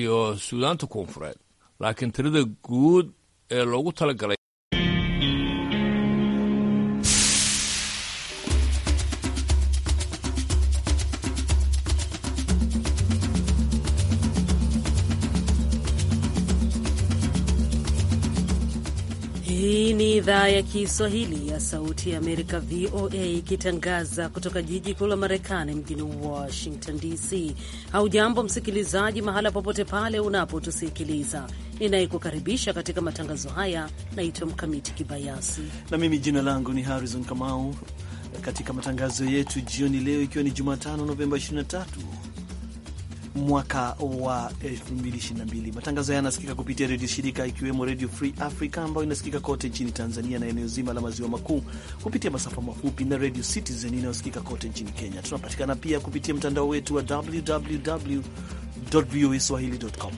iyo suudaanta koonfureed laakiin tirada guud ee loogu talagalay idhaa ya Kiswahili ya Sauti ya Amerika, VOA, ikitangaza kutoka jiji kuu la Marekani, mjini Washington DC. Haujambo msikilizaji, mahala popote pale unapotusikiliza. Ninayekukaribisha katika matangazo haya naitwa Mkamiti Kibayasi na mimi jina langu ni Harrison Kamau. Katika matangazo yetu jioni leo, ikiwa ni Jumatano Novemba 23 mwaka wa 2022. Matangazo haya yanasikika kupitia redio shirika ikiwemo Redio Free Africa ambayo inasikika kote nchini Tanzania na eneo zima la maziwa makuu kupitia masafa mafupi na Redio Citizen inayosikika kote nchini Kenya. Tunapatikana pia kupitia mtandao wetu wa www voa swahili.com.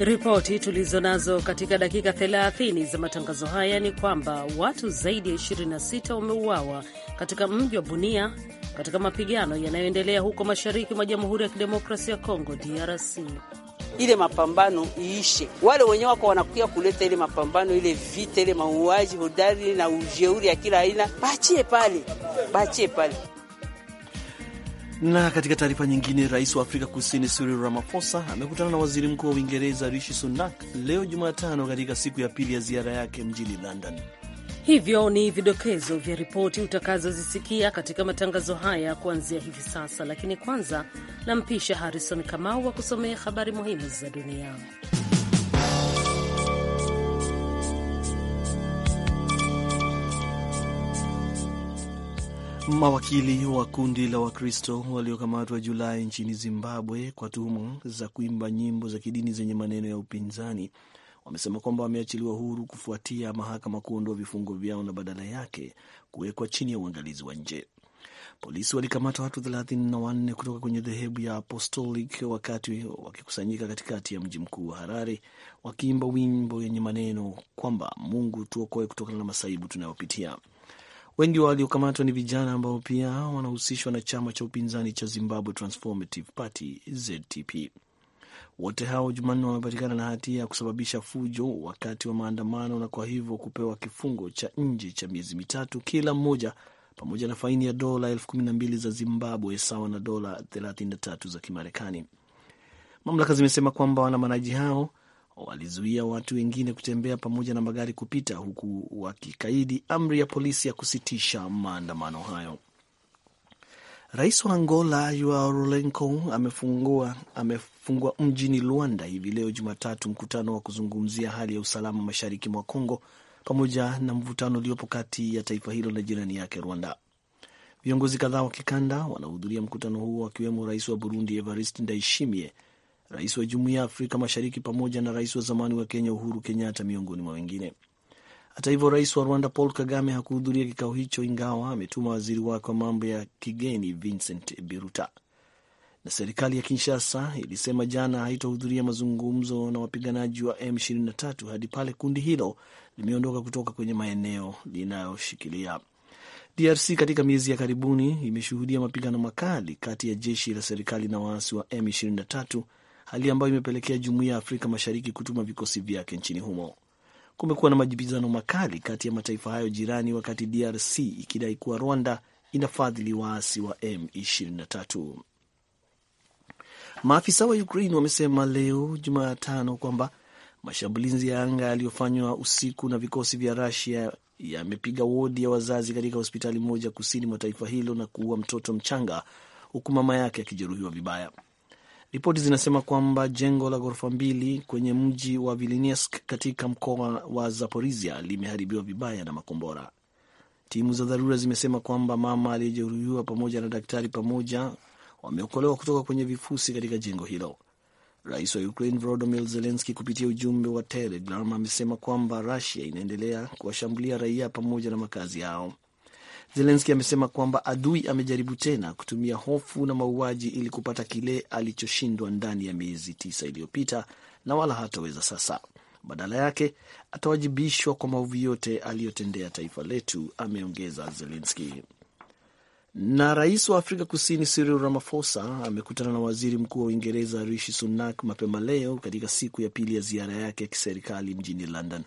Ripoti tulizo nazo katika dakika 30 za matangazo haya ni kwamba watu zaidi ya 26 wameuawa katika mji wa Bunia katika mapigano yanayoendelea huko mashariki mwa Jamhuri ya Kidemokrasia ya Kongo, DRC. Ile mapambano iishe, wale wenye wako wanakuya kuleta ile mapambano, ile vita, ile mauaji hodari na ujeuri ya kila aina, bachie pale, bachie pale. Na katika taarifa nyingine, rais wa Afrika Kusini Cyril Ramaphosa amekutana na waziri mkuu wa Uingereza Rishi Sunak leo Jumatano, katika siku ya pili ya ziara yake mjini London. Hivyo ni vidokezo vya ripoti utakazozisikia katika matangazo haya kuanzia hivi sasa, lakini kwanza nampisha Harrison Kamau wa kusomea habari muhimu za dunia. Mawakili wa kundi la Wakristo waliokamatwa Julai nchini Zimbabwe kwa tuhuma za kuimba nyimbo za kidini zenye maneno ya upinzani wamesema kwamba wameachiliwa huru kufuatia mahakama kuondoa vifungo vyao na badala yake kuwekwa chini ya uangalizi wa nje. Polisi walikamata watu thelathini na wanne kutoka kwenye dhehebu ya Apostolic wakati wakikusanyika katikati ya mji mkuu wa Harare wakiimba wimbo yenye maneno kwamba Mungu tuokoe kutokana na masaibu tunayopitia. Wengi waliokamatwa ni vijana ambao pia wanahusishwa na chama cha upinzani cha Zimbabwe Transformative Party ZTP. Wote hao Jumanne wamepatikana na hatia ya kusababisha fujo wakati wa maandamano na kwa hivyo kupewa kifungo cha nje cha miezi mitatu kila mmoja pamoja na faini ya dola elfu kumi na mbili za Zimbabwe sawa na dola 33 za Kimarekani. Mamlaka zimesema kwamba waandamanaji hao walizuia watu wengine kutembea pamoja na magari kupita, huku wakikaidi amri ya polisi ya kusitisha maandamano hayo. Rais wa Angola Joao Lourenco amefungua amefungua mjini Luanda hivi leo Jumatatu mkutano wa kuzungumzia hali ya usalama mashariki mwa congo pamoja na mvutano uliopo kati ya taifa hilo na jirani yake Rwanda. Viongozi kadhaa wa kikanda wanahudhuria mkutano huo wakiwemo rais wa Burundi Evariste Ndayishimiye rais wa Jumuiya ya Afrika Mashariki pamoja na rais wa zamani wa Kenya Uhuru Kenyatta miongoni mwa wengine. Hata hivyo, rais wa Rwanda Paul Kagame hakuhudhuria kikao hicho, ingawa ametuma waziri wake wa mambo ya kigeni Vincent Biruta. Na serikali ya Kinshasa ilisema jana haitohudhuria mazungumzo na wapiganaji wa M23 hadi pale kundi hilo limeondoka kutoka kwenye maeneo linayoshikilia. DRC katika miezi ya karibuni imeshuhudia mapigano makali kati ya jeshi la serikali na waasi wa M23 hali ambayo imepelekea jumuiya ya Afrika Mashariki kutuma vikosi vyake nchini humo. Kumekuwa na majibizano makali kati ya mataifa hayo jirani, wakati DRC ikidai kuwa Rwanda inafadhili waasi wa M23. Maafisa wa Ukraine wamesema leo Jumatano kwamba mashambulizi ya anga yaliyofanywa usiku na vikosi vya Rusia yamepiga wodi ya wazazi katika hospitali moja kusini mwa taifa hilo na kuua mtoto mchanga huku mama yake akijeruhiwa vibaya. Ripoti zinasema kwamba jengo la ghorofa mbili kwenye mji wa vilinesk katika mkoa wa zaporisia limeharibiwa vibaya na makombora. Timu za dharura zimesema kwamba mama aliyejeruhiwa pamoja na daktari pamoja wameokolewa kutoka kwenye vifusi katika jengo hilo. Rais wa Ukraine Volodymyr Zelensky kupitia ujumbe wa Telegram amesema kwamba Russia inaendelea kuwashambulia raia pamoja na makazi yao. Zelenski amesema kwamba adui amejaribu tena kutumia hofu na mauaji ili kupata kile alichoshindwa ndani ya miezi tisa iliyopita na wala hataweza sasa. Badala yake atawajibishwa kwa maovu yote aliyotendea taifa letu, ameongeza Zelenski. Na rais wa Afrika Kusini Cyril Ramaphosa amekutana na waziri mkuu wa Uingereza Rishi Sunak mapema leo katika siku ya pili ya ziara yake ya kiserikali mjini London.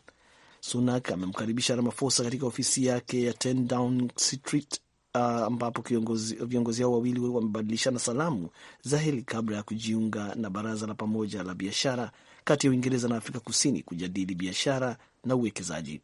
Sunak amemkaribisha ramafosa katika ofisi yake ya 10 Downing Street uh, ambapo viongozi hao wawili wamebadilishana salamu za heli kabla ya kujiunga na baraza la pamoja la biashara kati ya Uingereza na Afrika Kusini kujadili biashara na uwekezaji.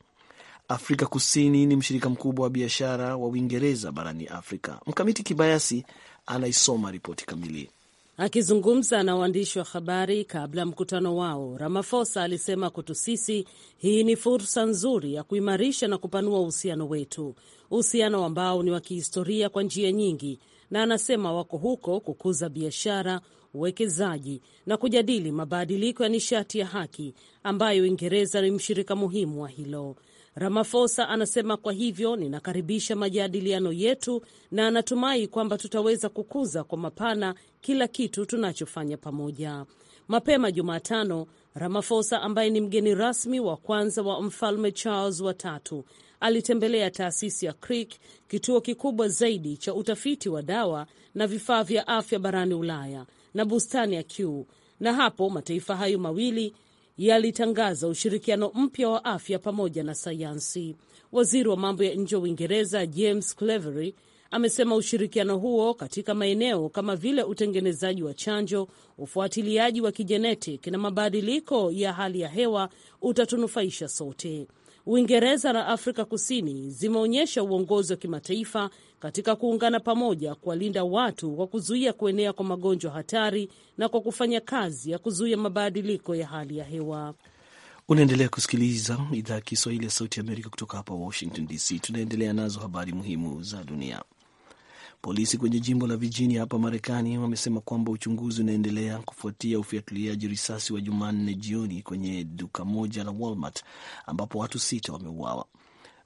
Afrika Kusini ni mshirika mkubwa wa biashara wa Uingereza barani Afrika. Mkamiti Kibayasi anaisoma ripoti kamili. Akizungumza na waandishi wa habari kabla ya mkutano wao, Ramaphosa alisema kwetu sisi hii ni fursa nzuri ya kuimarisha na kupanua uhusiano wetu, uhusiano ambao ni wa kihistoria kwa njia nyingi, na anasema wako huko kukuza biashara, uwekezaji na kujadili mabadiliko ya nishati ya haki, ambayo Uingereza ni mshirika muhimu wa hilo. Ramaphosa anasema kwa hivyo ninakaribisha majadiliano yetu na anatumai kwamba tutaweza kukuza kwa mapana kila kitu tunachofanya pamoja. Mapema Jumatano, Ramaphosa ambaye ni mgeni rasmi wa kwanza wa Mfalme Charles wa tatu alitembelea taasisi ya Crick, kituo kikubwa zaidi cha utafiti wa dawa na vifaa vya afya barani Ulaya, na bustani ya Kew, na hapo mataifa hayo mawili yalitangaza ushirikiano mpya wa afya pamoja na sayansi. Waziri wa mambo ya nje wa Uingereza James Cleverly amesema ushirikiano huo katika maeneo kama vile utengenezaji wa chanjo, ufuatiliaji wa kijenetik na mabadiliko ya hali ya hewa utatunufaisha sote. Uingereza na Afrika Kusini zimeonyesha uongozi wa kimataifa katika kuungana pamoja kuwalinda watu kwa kuzuia kuenea kwa magonjwa hatari na kwa kufanya kazi ya kuzuia mabadiliko ya hali ya hewa. Unaendelea kusikiliza idhaa ya Kiswahili ya Sauti ya Amerika kutoka hapa Washington DC. Tunaendelea nazo habari muhimu za dunia. Polisi kwenye jimbo la Virginia hapa Marekani wamesema kwamba uchunguzi unaendelea kufuatia ufiatuliaji risasi wa Jumanne jioni kwenye duka moja la Walmart ambapo watu sita wameuawa.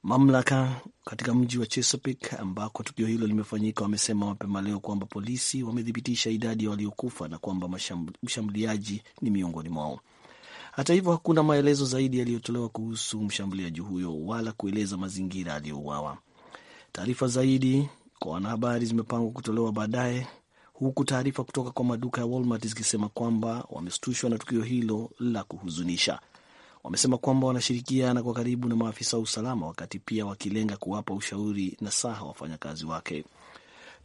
Mamlaka katika mji wa Chesapeake ambako tukio hilo limefanyika wamesema mapema leo kwamba polisi wamethibitisha idadi ya waliokufa na kwamba mshambuliaji ni miongoni mwao. Hata hivyo, hakuna maelezo zaidi yaliyotolewa kuhusu mshambuliaji huyo wala kueleza mazingira aliyouawa. Taarifa zaidi kwa wanahabari zimepangwa kutolewa baadaye, huku taarifa kutoka kwa maduka ya Walmart zikisema kwamba wameshtushwa na tukio hilo la kuhuzunisha. Wamesema kwamba wanashirikiana kwa karibu na maafisa wa usalama, wakati pia wakilenga kuwapa ushauri na saha wafanyakazi wake.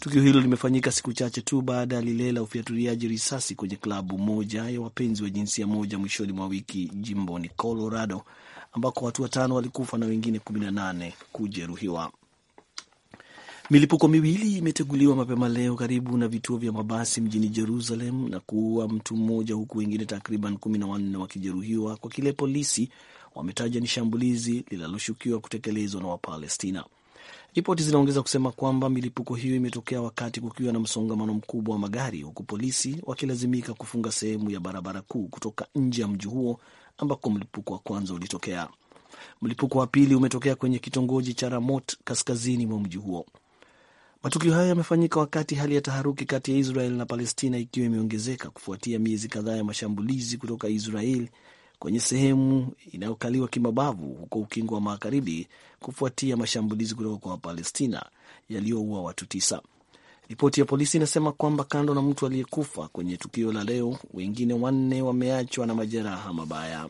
Tukio hilo limefanyika siku chache tu baada ya lile la ufiatuliaji risasi kwenye klabu moja ya wapenzi wa jinsia moja mwishoni mwa wiki jimboni Colorado, ambako watu watano walikufa na wengine 18 kujeruhiwa. Milipuko miwili imeteguliwa mapema leo karibu na vituo vya mabasi mjini Jerusalem na kuua mtu mmoja huku wengine takriban kumi na wanne wakijeruhiwa kwa kile polisi wametaja ni shambulizi linaloshukiwa kutekelezwa na Wapalestina. Ripoti zinaongeza kusema kwamba milipuko hiyo imetokea wakati kukiwa na msongamano mkubwa wa magari, huku polisi wakilazimika kufunga sehemu ya barabara kuu kutoka nje ya mji huo ambako mlipuko wa kwanza ulitokea. Mlipuko wa pili umetokea kwenye kitongoji cha Ramot kaskazini mwa mji huo. Matukio hayo yamefanyika wakati hali ya taharuki kati ya Israel na Palestina ikiwa imeongezeka kufuatia miezi kadhaa ya mashambulizi kutoka Israel kwenye sehemu inayokaliwa kimabavu huko Ukingo wa Magharibi kufuatia mashambulizi kutoka kwa Wapalestina yaliyoua watu tisa. Ripoti ya polisi inasema kwamba kando na mtu aliyekufa kwenye tukio la leo, wengine wanne wameachwa na majeraha mabaya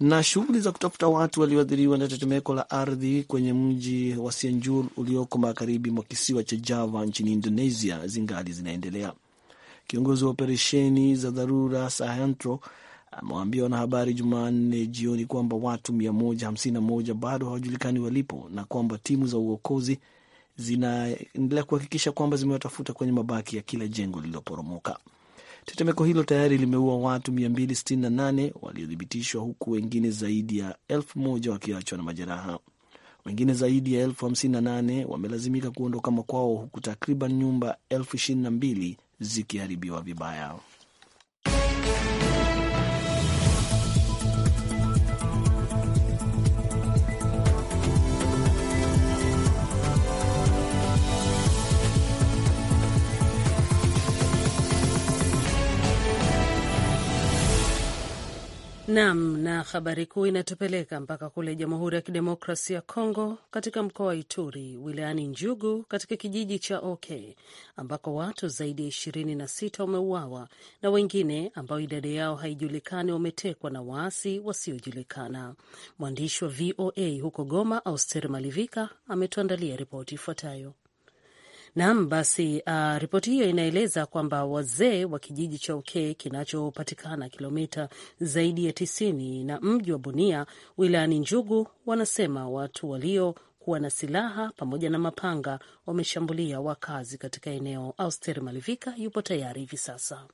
na shughuli za kutafuta watu walioathiriwa na tetemeko la ardhi kwenye mji wa Sianjur ulioko magharibi mwa kisiwa cha Java nchini Indonesia zingali zinaendelea. Kiongozi wa operesheni za dharura Sahantro amewaambia wanahabari Jumanne jioni kwamba watu 151 bado hawajulikani walipo na kwamba timu za uokozi zinaendelea kuhakikisha kwamba zimewatafuta kwenye mabaki ya kila jengo lililoporomoka. Tetemeko hilo tayari limeua watu 268 waliothibitishwa huku wengine zaidi ya elfu moja wakiachwa na majeraha. Wengine zaidi ya elfu hamsini na nane wamelazimika kuondoka makwao huku takriban nyumba elfu ishirini na mbili zikiharibiwa vibaya. Nam na habari kuu inatupeleka mpaka kule Jamhuri ya Kidemokrasia ya Kongo, katika mkoa wa Ituri wilayani Njugu, katika kijiji cha OK ambako watu zaidi ya ishirini na sita wameuawa na wengine ambao idadi yao haijulikani wametekwa na waasi wasiojulikana. Mwandishi wa VOA huko Goma, Auster Malivika, ametuandalia ripoti ifuatayo. Naam, basi uh, ripoti hiyo inaeleza kwamba wazee wa kijiji cha Uke kinachopatikana kilomita zaidi ya tisini na mji wa Bunia wilayani Njugu wanasema watu walio kuwa na silaha pamoja na mapanga wameshambulia wakazi katika eneo. Auster Malivika yupo tayari hivi sasa.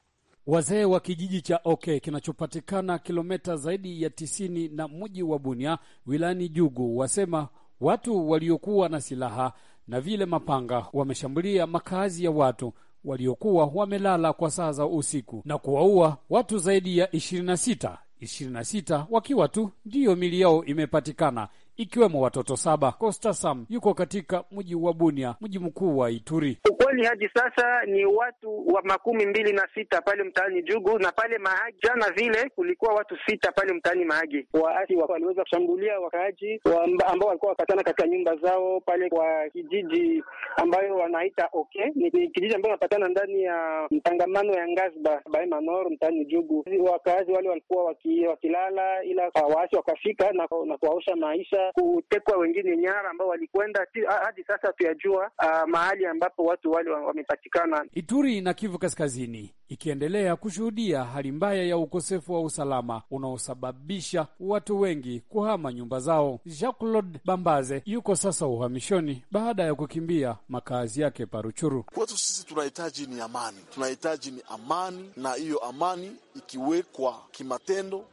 Wazee wa kijiji cha ok kinachopatikana kilomita zaidi ya tisini na mji wa Bunia wilayani Jugu wasema watu waliokuwa na silaha na vile mapanga wameshambulia makazi ya watu waliokuwa wamelala kwa saa za usiku na kuwaua watu zaidi ya 26, 26 wakiwa tu ndiyo mili yao imepatikana ikiwemo watoto saba. Costa Sam yuko katika mji wa Bunia, mji mkuu wa Ituri. Ukweli hadi sasa ni watu wa makumi mbili na sita pale mtaani Jugu na pale Mahagi. Jana vile kulikuwa watu sita pale mtaani Mahagi. Waasi waliweza kushambulia wakaaji ambao walikuwa wakatana katika nyumba zao pale kwa kijiji ambayo wanaita ok Ni, ni kijiji ambayo wanapatana ndani ya mtangamano ya Ngazba bae Nord mtaani Jugu. Wakaaji wale walikuwa wakilala ila waasi wakafika na, na kuwaosha maisha kutekwa wengine nyara ambao walikwenda. Hadi sasa tuyajua uh, ah, mahali ambapo watu wale wamepatikana. Ituri na Kivu Kaskazini ikiendelea kushuhudia hali mbaya ya ukosefu wa usalama unaosababisha watu wengi kuhama nyumba zao. Jean Claude Bambaze yuko sasa uhamishoni baada ya kukimbia makazi yake Paruchuru. Kwetu sisi tunahitaji ni amani, tunahitaji ni amani, na hiyo amani ikiwekwa kimatendo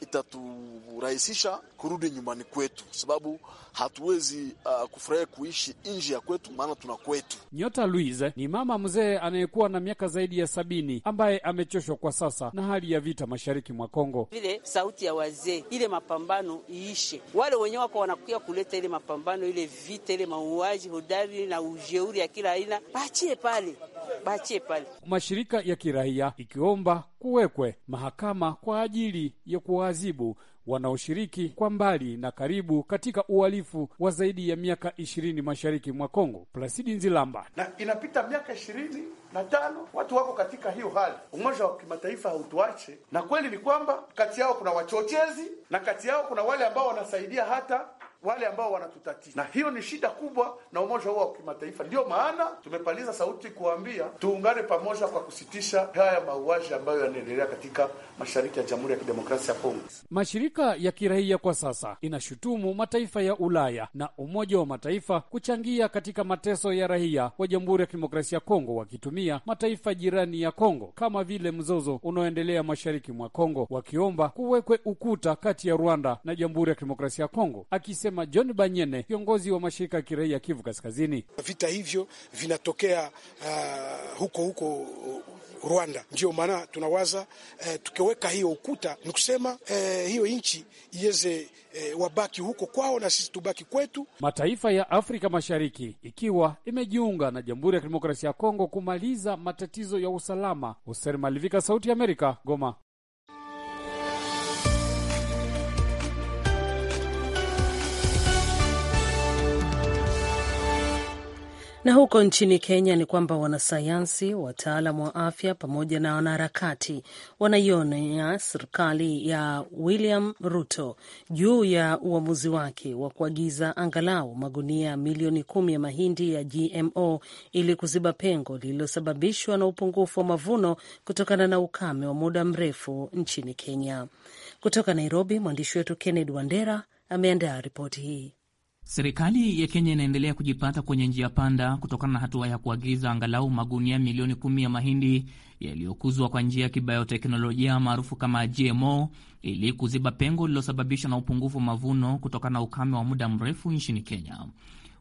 itaturahisisha kurudi nyumbani kwetu, sababu hatuwezi uh, kufurahia kuishi nje ya kwetu, maana tuna kwetu. Nyota Louise ni mama mzee anayekuwa na miaka zaidi ya sabini ambaye amechoshwa kwa sasa na hali ya vita mashariki mwa Kongo. Vile sauti ya wazee, ile mapambano iishe, wale wenyewe wako wanakuja kuleta ile mapambano, ile vita, ile mauaji hodari na ujeuri ya kila aina, pachie pale baachie pale. Mashirika ya kiraia ikiomba kuwekwe mahakama kwa ajili ya kuwaadhibu wanaoshiriki kwa mbali na karibu katika uhalifu wa zaidi ya miaka ishirini mashariki mwa Kongo. Plasidi Nzilamba. Na inapita miaka ishirini na tano watu wako katika hiyo hali, Umoja wa Kimataifa hautuache, na kweli ni kwamba kati yao kuna wachochezi na kati yao kuna wale ambao wanasaidia hata wale ambao wanatutatiza, na hiyo ni shida kubwa, na umoja huo wa kimataifa. Ndiyo maana tumepaliza sauti kuambia tuungane pamoja kwa kusitisha haya mauaji ambayo yanaendelea katika mashariki ya Jamhuri ya Kidemokrasia ya Kongo. Mashirika ya kiraia kwa sasa inashutumu mataifa ya Ulaya na Umoja wa Mataifa kuchangia katika mateso ya raia wa Jamhuri ya Kidemokrasia ya Kongo, wakitumia mataifa jirani ya Kongo kama vile mzozo unaoendelea mashariki mwa Kongo, wakiomba kuwekwe ukuta kati ya Rwanda na Jamhuri ya Kidemokrasia ya Kongo akise amesema John Banyene, kiongozi wa mashirika ya kiraia Kivu Kaskazini. Vita hivyo vinatokea uh, huko huko Rwanda. Ndiyo maana tunawaza eh, tukiweka hiyo ukuta ni kusema eh, hiyo nchi iweze eh, wabaki huko kwao na sisi tubaki kwetu. Mataifa ya Afrika Mashariki ikiwa imejiunga na Jamhuri ya Kidemokrasia ya Kongo kumaliza matatizo ya usalama. Hosen Malivika, Sauti ya Amerika, Goma. Na huko nchini Kenya ni kwamba wanasayansi, wataalam wa afya pamoja na wanaharakati wanaionea serikali ya William Ruto juu ya uamuzi wake wa kuagiza angalau magunia milioni kumi ya mahindi ya GMO ili kuziba pengo lililosababishwa na upungufu wa mavuno kutokana na ukame wa muda mrefu nchini Kenya. Kutoka Nairobi, mwandishi wetu kenned Wandera ameandaa ripoti hii. Serikali ya Kenya inaendelea kujipata kwenye njia panda kutokana na hatua ya kuagiza angalau magunia milioni kumi ya mahindi yaliyokuzwa kwa njia ya kibayoteknolojia maarufu kama GMO ili kuziba pengo lililosababishwa na upungufu wa mavuno kutokana na ukame wa muda mrefu nchini Kenya.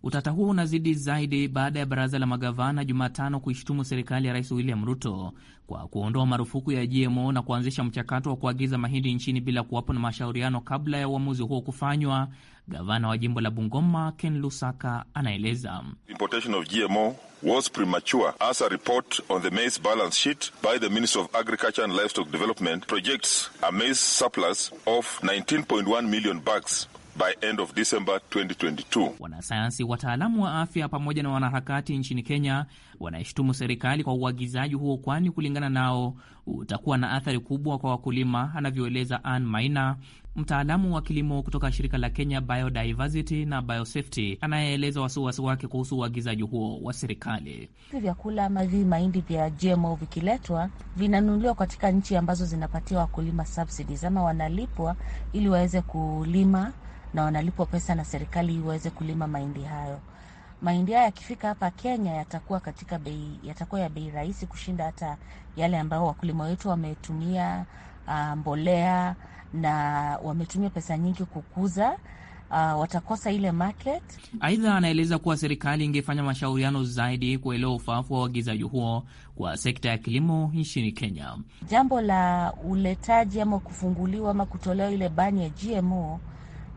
Utata huo unazidi zaidi baada ya baraza la magavana Jumatano kuishutumu serikali ya Rais William Ruto kwa kuondoa marufuku ya GMO na kuanzisha mchakato wa kuagiza mahindi nchini bila kuwapo na mashauriano kabla ya uamuzi huo kufanywa. Gavana wa jimbo la Bungoma Ken Lusaka anaeleza importation of GMO was premature as a report on the maize balance sheet by the Ministry of Agriculture and Livestock Development projects a maize surplus of 19.1 million bags by end of December 2022. Wanasayansi, wataalamu wa afya pamoja na wanaharakati nchini Kenya wanaishtumu serikali kwa uagizaji huo, kwani kulingana nao utakuwa na athari kubwa kwa wakulima, anavyoeleza Ann Maina, mtaalamu wa kilimo kutoka shirika la Kenya Biodiversity na Biosafety, anayeeleza wasiwasi wake kuhusu uagizaji huo wa serikali. Vyakula ama hivi mahindi vya GMO vikiletwa, vinanunuliwa katika nchi ambazo zinapatia wakulima subsidies ama wanalipwa ili waweze kulima na wanalipwa pesa na serikali iweze kulima mahindi hayo. Mahindi hayo yakifika hapa Kenya yatakuwa katika bei, yatakuwa ya bei rahisi kushinda hata yale ambayo wakulima wetu wametumia uh, mbolea na wametumia pesa nyingi kukuza Uh, watakosa ile market. Aidha, anaeleza kuwa serikali ingefanya mashauriano zaidi kuelewa ufaafu wa uagizaji huo kwa sekta ya kilimo nchini Kenya. Jambo la uletaji ama kufunguliwa ama kutolewa ile bani ya GMO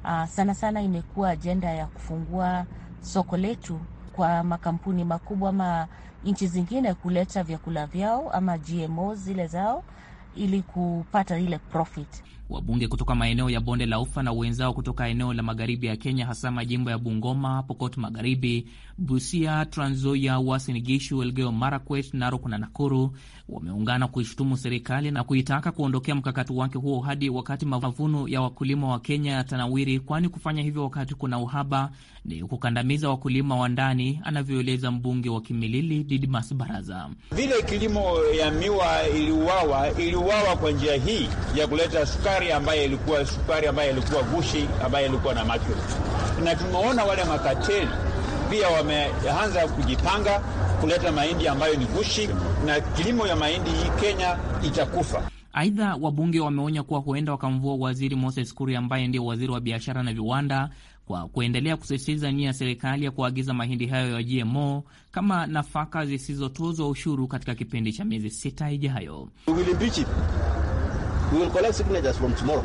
Ah, sana sana imekuwa ajenda ya kufungua soko letu kwa makampuni makubwa ama nchi zingine kuleta vyakula vyao ama GMO zile zao ili kupata ile profit. Wabunge kutoka maeneo ya bonde la ufa na wenzao kutoka eneo la magharibi ya Kenya, hasa majimbo ya Bungoma, Pokot Magharibi, Busia, Trans Nzoia, Uasin Gishu, Elgeyo Marakwet, Narok na Nakuru wameungana kuishutumu serikali na kuitaka kuondokea mkakati wake huo hadi wakati mavuno ya wakulima wa Kenya yatanawiri, kwani kufanya hivyo wakati kuna uhaba ni kukandamiza wakulima wa ndani, anavyoeleza mbunge wa Kimilili Didmas Baraza. Vile kilimo ya miwa iliuawa, iliuawa kwa njia hii ya kuleta sukari sukari ambayo ilikuwa sukari ambayo ilikuwa gushi ambayo ilikuwa na macho, na tumeona wale makateli pia wameanza kujipanga kuleta mahindi ambayo ni gushi, na kilimo ya mahindi hii Kenya itakufa. Aidha, wabunge wameonya kuwa huenda wakamvua waziri Moses Kuri ambaye ndiyo waziri wa biashara na viwanda kwa kuendelea kusisitiza nia ya serikali ya kuagiza mahindi hayo ya GMO kama nafaka zisizotozwa ushuru katika kipindi cha miezi sita ijayo. We will collect signatures from tomorrow.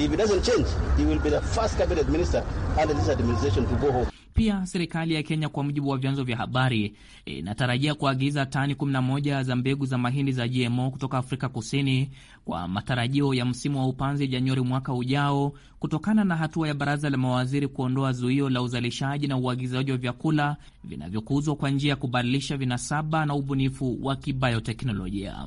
If it doesn't change, he will be the first cabinet minister under this administration to go home. Pia serikali ya Kenya kwa mujibu wa vyanzo vya habari e, inatarajia e, kuagiza tani 11 za mbegu za mahindi za GMO kutoka Afrika Kusini kwa matarajio ya msimu wa upanzi Januari mwaka ujao, kutokana na hatua ya baraza la mawaziri kuondoa zuio la uzalishaji na uagizaji wa vyakula vinavyokuzwa kwa njia ya kubadilisha vinasaba na ubunifu wa kibayoteknolojia.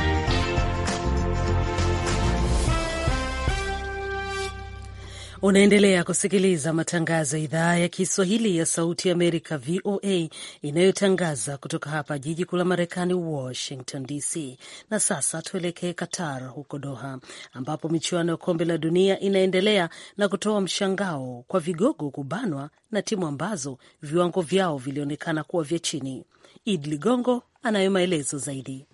Unaendelea kusikiliza matangazo ya idhaa ya Kiswahili ya Sauti ya Amerika, VOA, inayotangaza kutoka hapa jiji kuu la Marekani, Washington DC. Na sasa tuelekee Qatar, huko Doha, ambapo michuano ya Kombe la Dunia inaendelea na kutoa mshangao kwa vigogo kubanwa na timu ambazo viwango vyao vilionekana kuwa vya chini. Id Ligongo anayo maelezo zaidi.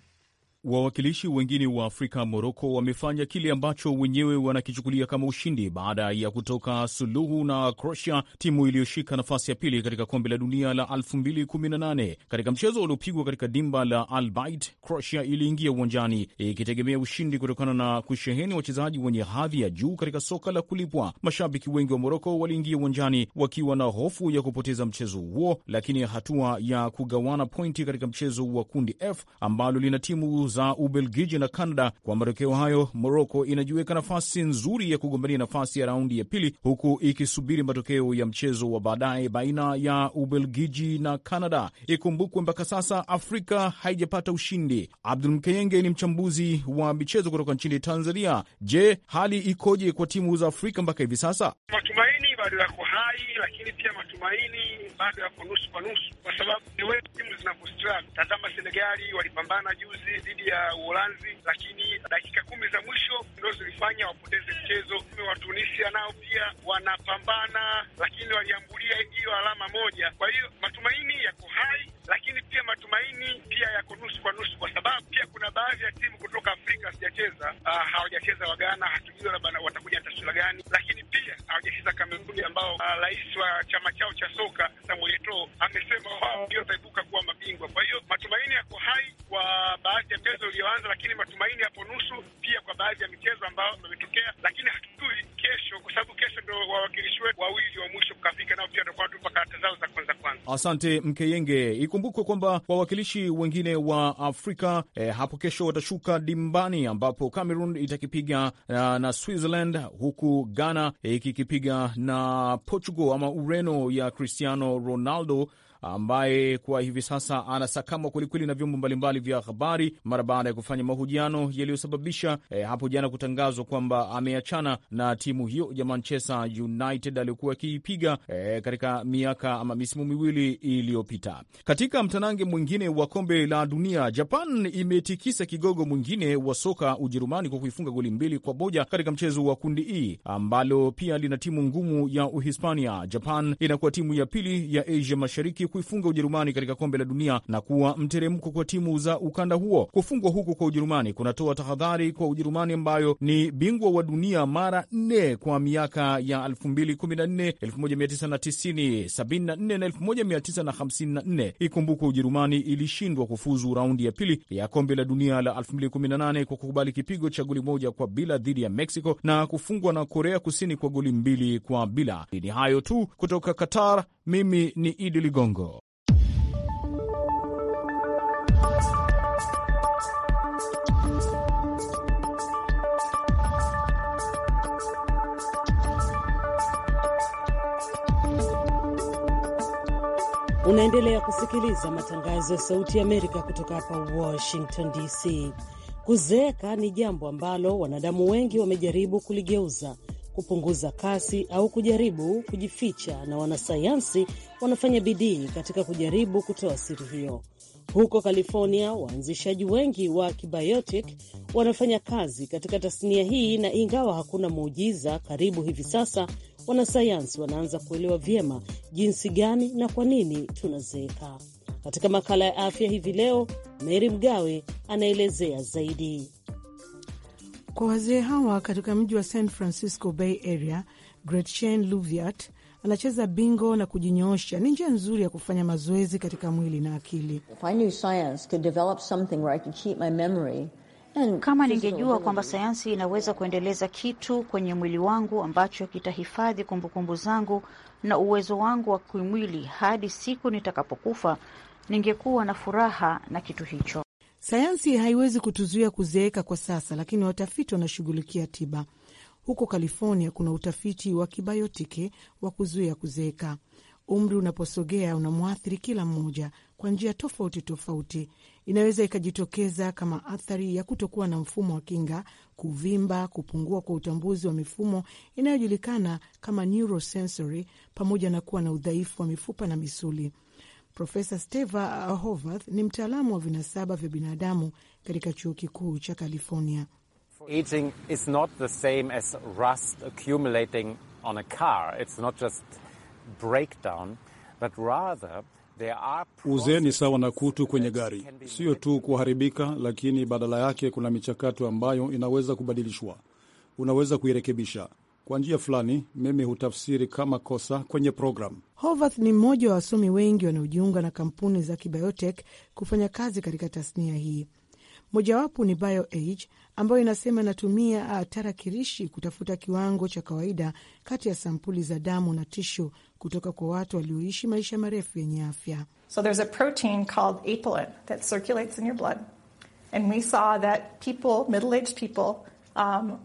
Wawakilishi wengine wa Afrika, Moroko, wamefanya kile ambacho wenyewe wanakichukulia kama ushindi baada ya kutoka suluhu na Croatia, timu iliyoshika nafasi ya pili katika kombe la dunia la 2018. Katika mchezo uliopigwa katika dimba la Al Bait, Croatia iliingia uwanjani ikitegemea ushindi kutokana na kusheheni wachezaji wenye hadhi ya juu katika soka la kulipwa. Mashabiki wengi wa Moroko waliingia uwanjani wakiwa na hofu ya kupoteza mchezo huo, lakini hatua ya kugawana pointi katika mchezo wa kundi F ambalo lina timu za Ubelgiji na Canada. Kwa matokeo hayo, Moroko inajiweka nafasi nzuri ya kugombania nafasi ya raundi ya pili, huku ikisubiri matokeo ya mchezo wa baadaye baina ya Ubelgiji na Canada. Ikumbukwe mpaka sasa Afrika haijapata ushindi. Abdul Mkeyenge ni mchambuzi wa michezo kutoka nchini Tanzania. Je, hali ikoje kwa timu za Afrika mpaka hivi sasa? Matumaini bado yako rai, lakini pia matumaini bado yako nusu kwa nusu, kwa sababu ni wetu timu zinavyostruggle. Tazama Senegali walipambana juzi dhidi ya Uholanzi, lakini dakika kumi za mwisho ndo zilifanya wapoteze mchezo. Wa Tunisia nao pia wanapambana, lakini waliambulia hiyo alama moja. Kwa hiyo matumaini yako hai, lakini pia matumaini pia yako nusu kwa nusu, kwa sababu pia kuna baadhi ya timu kutoka Afrika sijacheza, ah, hawajacheza Wagana, hatujui labda watakuja na taswira gani, lakini pia hawajacheza Kameruni ambao ah, rais wa chama chao cha soka Samuel Eto'o amesema wao ndio wataibuka kuwa mabingwa. Kwa hiyo matumaini yako hai kwa baadhi ya mchezo ulioanza, lakini matumaini yapo nusu pia kwa baadhi ya michezo ambayo imetokea, lakini Asante Mkeyenge. Ikumbukwe kwamba wawakilishi wengine wa Afrika eh, hapo kesho watashuka dimbani ambapo Cameroon itakipiga na, eh, na Switzerland huku Ghana eh, ikikipiga eh, na Portugal ama Ureno ya Cristiano Ronaldo ambaye kwa hivi sasa anasakamwa kwelikweli na vyombo mbalimbali vya habari mara baada ya kufanya mahojiano yaliyosababisha e, hapo jana kutangazwa kwamba ameachana na timu hiyo ya Manchester United aliyokuwa akiipiga e, katika miaka ama misimu miwili iliyopita. Katika mtanange mwingine wa kombe la dunia, Japan imetikisa kigogo mwingine wa soka Ujerumani kwa kuifunga goli mbili kwa moja katika mchezo wa kundi E ambalo pia lina timu ngumu ya Uhispania. Japan inakuwa timu ya pili ya Asia Mashariki kuifunga Ujerumani katika kombe la dunia na kuwa mteremko kwa timu za ukanda huo. Kufungwa huko kwa Ujerumani kunatoa tahadhari kwa Ujerumani ambayo ni bingwa wa dunia mara nne kwa miaka ya 2014, 1990, 74 na 1954. Ikumbukwe Ujerumani ilishindwa kufuzu raundi ya pili ya kombe la dunia la 2018 kwa kukubali kipigo cha goli moja kwa bila dhidi ya Mexico na kufungwa na Korea Kusini kwa goli mbili kwa bila. Ni hayo tu kutoka Qatar. Mimi ni Idi Ligongo. Unaendelea kusikiliza matangazo ya Sauti ya Amerika kutoka hapa Washington DC. Kuzeeka ni jambo ambalo wanadamu wengi wamejaribu kuligeuza kupunguza kasi au kujaribu kujificha, na wanasayansi wanafanya bidii katika kujaribu kutoa siri hiyo. Huko California, waanzishaji wengi wa kibiotic wanafanya kazi katika tasnia hii, na ingawa hakuna muujiza karibu hivi sasa, wanasayansi wanaanza kuelewa vyema jinsi gani na kwa nini tunazeeka. Katika makala ya afya hivi leo, mery Mgawe anaelezea zaidi. Kwa wazee hawa katika mji wa San Francisco Bay Area, Gretchen Luviat anacheza bingo na kujinyoosha. Ni njia nzuri ya kufanya mazoezi katika mwili na akili. Kama ningejua kwamba sayansi inaweza kuendeleza kitu kwenye mwili wangu ambacho kitahifadhi kumbukumbu zangu na uwezo wangu wa kimwili hadi siku nitakapokufa, ningekuwa na furaha na kitu hicho. Sayansi haiwezi kutuzuia kuzeeka kwa sasa, lakini watafiti wanashughulikia tiba. Huko California kuna utafiti wa kibayotiki wa kuzuia kuzeeka. Umri unaposogea unamwathiri kila mmoja kwa njia tofauti tofauti. Inaweza ikajitokeza kama athari ya kutokuwa na mfumo wa kinga, kuvimba, kupungua kwa utambuzi wa mifumo inayojulikana kama neurosensory, pamoja na kuwa na udhaifu wa mifupa na misuli. Profesa Steva Hovarth ni mtaalamu wa vinasaba vya binadamu katika chuo kikuu cha California. Aging is not the same as rust accumulating on a car. It's not just breakdown, but rather Uzee ni sawa na kutu kwenye gari, siyo tu kuharibika, lakini badala yake kuna michakato ambayo inaweza kubadilishwa, unaweza kuirekebisha kwa njia fulani mimi hutafsiri kama kosa kwenye programu. Hovath ni mmoja wa wasomi wengi wanaojiunga na kampuni za kibiotek kufanya kazi katika tasnia hii. Mojawapo ni BioAge ambayo inasema inatumia ah, tarakilishi kutafuta kiwango cha kawaida kati ya sampuli za damu na tishu kutoka kwa watu walioishi maisha marefu yenye afya. So there's a protein called apelin that circulates in your blood and we saw that people middle aged people um,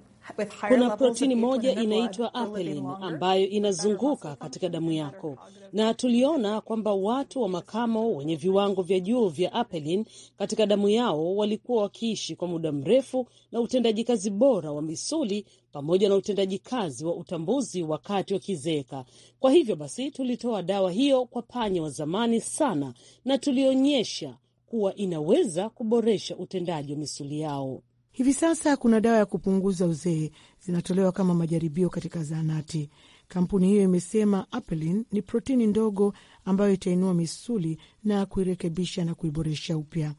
kuna protini moja inaitwa apelin ambayo inazunguka katika damu yako, na tuliona kwamba watu wa makamo wenye viwango vya juu vya apelin katika damu yao walikuwa wakiishi kwa muda mrefu na utendaji kazi bora wa misuli pamoja na utendaji kazi wa utambuzi wakati wakizeeka. Kwa hivyo basi, tulitoa dawa hiyo kwa panya wa zamani sana na tulionyesha kuwa inaweza kuboresha utendaji wa misuli yao. Hivi sasa kuna dawa ya kupunguza uzee zinatolewa kama majaribio katika zahanati. Kampuni hiyo imesema apelin ni protini ndogo ambayo itainua misuli na kuirekebisha na kuiboresha upya.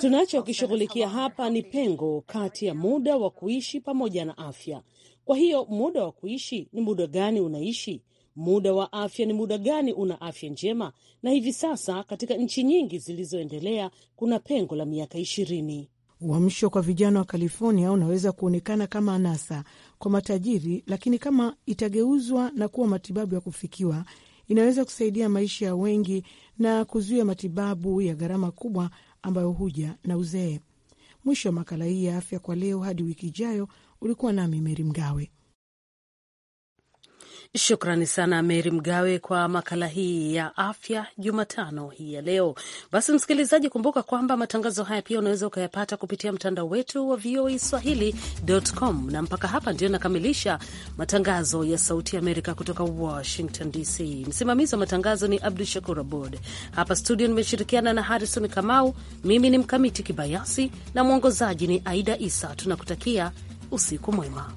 Tunachokishughulikia hapa ni pengo kati ya muda wa kuishi pamoja na afya. Kwa hiyo muda wa kuishi ni muda gani unaishi? Muda wa afya ni muda gani una afya njema? Na hivi sasa katika nchi nyingi zilizoendelea kuna pengo la miaka ishirini. Uamsho kwa vijana wa California unaweza kuonekana kama anasa kwa matajiri, lakini kama itageuzwa na kuwa matibabu ya kufikiwa, inaweza kusaidia maisha ya wengi na kuzuia matibabu ya gharama kubwa ambayo huja na uzee. Mwisho wa makala hii ya afya kwa leo. Hadi wiki ijayo, ulikuwa nami Meri Mgawe. Shukrani sana Meri Mgawe kwa makala hii ya afya Jumatano hii ya leo. Basi msikilizaji, kumbuka kwamba matangazo haya pia unaweza ukayapata kupitia mtandao wetu wa VOA Swahili.com. Na mpaka hapa ndio nakamilisha matangazo ya Sauti ya Amerika kutoka Washington DC. Msimamizi wa matangazo ni Abdu Shakur Abod. Hapa studio nimeshirikiana na Harrison Kamau. Mimi ni Mkamiti Kibayasi na mwongozaji ni Aida Isa. Tunakutakia usiku mwema.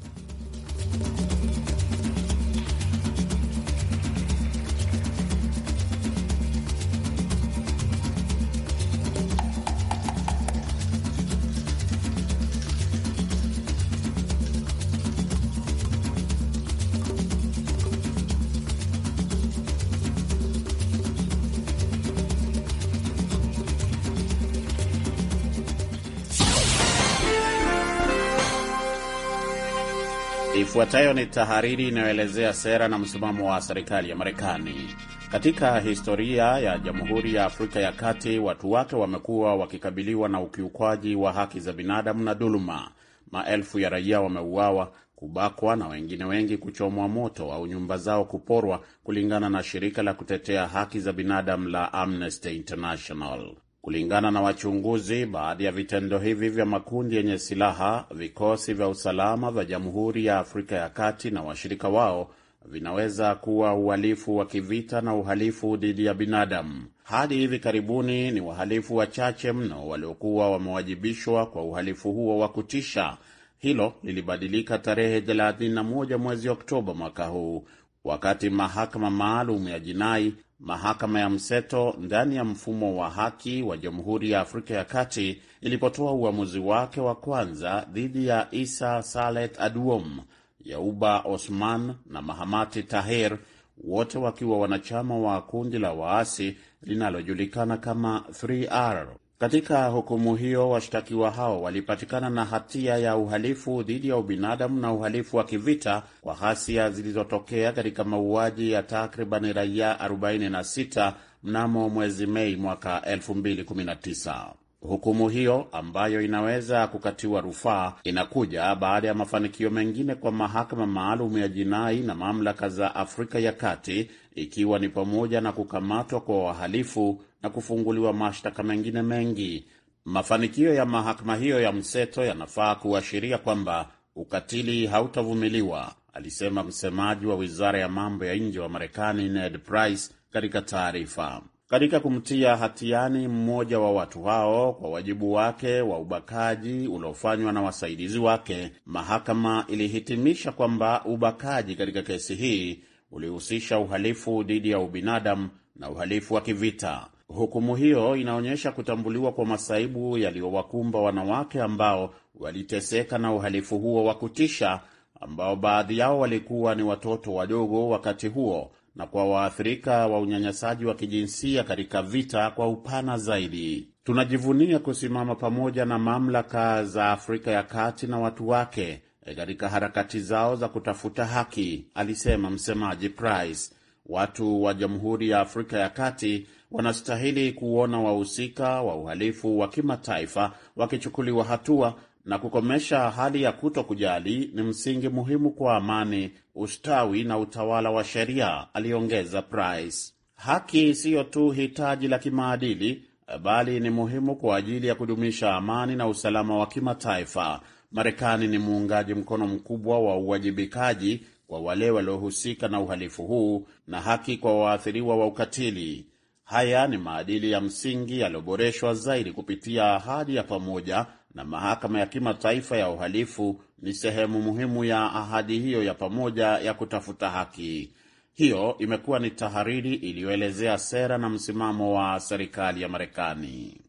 Ifuatayo ni tahariri inayoelezea sera na msimamo wa serikali ya Marekani. Katika historia ya Jamhuri ya Afrika ya Kati, watu wake wamekuwa wakikabiliwa na ukiukwaji wa haki za binadamu na dhuluma. Maelfu ya raia wameuawa, kubakwa na wengine wengi kuchomwa moto au nyumba zao kuporwa, kulingana na shirika la kutetea haki za binadamu la Amnesty International. Kulingana na wachunguzi, baadhi ya vitendo hivi vya makundi yenye silaha, vikosi vya usalama vya Jamhuri ya Afrika ya Kati na washirika wao vinaweza kuwa uhalifu wa kivita na uhalifu dhidi ya binadamu. Hadi hivi karibuni ni wahalifu wachache mno waliokuwa wamewajibishwa kwa uhalifu huo wa kutisha. Hilo lilibadilika tarehe 31 mwezi Oktoba mwaka huu, wakati mahakama maalum ya jinai mahakama ya mseto ndani ya mfumo wa haki wa Jamhuri ya Afrika ya Kati ilipotoa uamuzi wake wa kwanza dhidi ya Isa Salet Aduom, Yauba Osman na Mahamati tahir wote wakiwa wanachama wa kundi la waasi linalojulikana kama 3R katika hukumu hiyo, washtakiwa hao walipatikana na hatia ya uhalifu dhidi ya ubinadamu na uhalifu wa kivita kwa ghasia zilizotokea katika mauaji ya takriban raia 46 mnamo mwezi Mei mwaka 2019. Hukumu hiyo ambayo inaweza kukatiwa rufaa inakuja baada ya mafanikio mengine kwa mahakama maalum ya jinai na mamlaka za Afrika ya Kati, ikiwa ni pamoja na kukamatwa kwa wahalifu na kufunguliwa mashtaka mengine mengi. Mafanikio ya mahakama hiyo ya mseto yanafaa kuashiria kwamba ukatili hautavumiliwa, alisema msemaji wa wizara ya mambo ya nje wa Marekani Ned Price katika taarifa. Katika kumtia hatiani mmoja wa watu hao kwa wajibu wake wa ubakaji uliofanywa na wasaidizi wake, mahakama ilihitimisha kwamba ubakaji katika kesi hii ulihusisha uhalifu dhidi ya ubinadamu na uhalifu wa kivita. Hukumu hiyo inaonyesha kutambuliwa kwa masaibu yaliyowakumba wanawake ambao waliteseka na uhalifu huo wa kutisha, ambao baadhi yao walikuwa ni watoto wadogo wakati huo, na kwa waathirika wa unyanyasaji wa kijinsia katika vita kwa upana zaidi. Tunajivunia kusimama pamoja na mamlaka za Afrika ya Kati na watu wake eh, katika harakati zao za kutafuta haki, alisema msemaji Price. Watu wa Jamhuri ya Afrika ya Kati wanastahili kuona wahusika wa uhalifu wa kimataifa wakichukuliwa hatua na kukomesha hali ya kuto kujali ni msingi muhimu kwa amani, ustawi na utawala wa sheria, aliongeza Price. Haki siyo tu hitaji la kimaadili, bali ni muhimu kwa ajili ya kudumisha amani na usalama wa kimataifa. Marekani ni muungaji mkono mkubwa wa uwajibikaji kwa wale waliohusika na uhalifu huu na haki kwa waathiriwa wa ukatili. Haya ni maadili ya msingi yaliyoboreshwa zaidi kupitia ahadi ya pamoja, na mahakama ya kimataifa ya uhalifu ni sehemu muhimu ya ahadi hiyo ya pamoja ya kutafuta haki. Hiyo imekuwa ni tahariri iliyoelezea sera na msimamo wa serikali ya Marekani.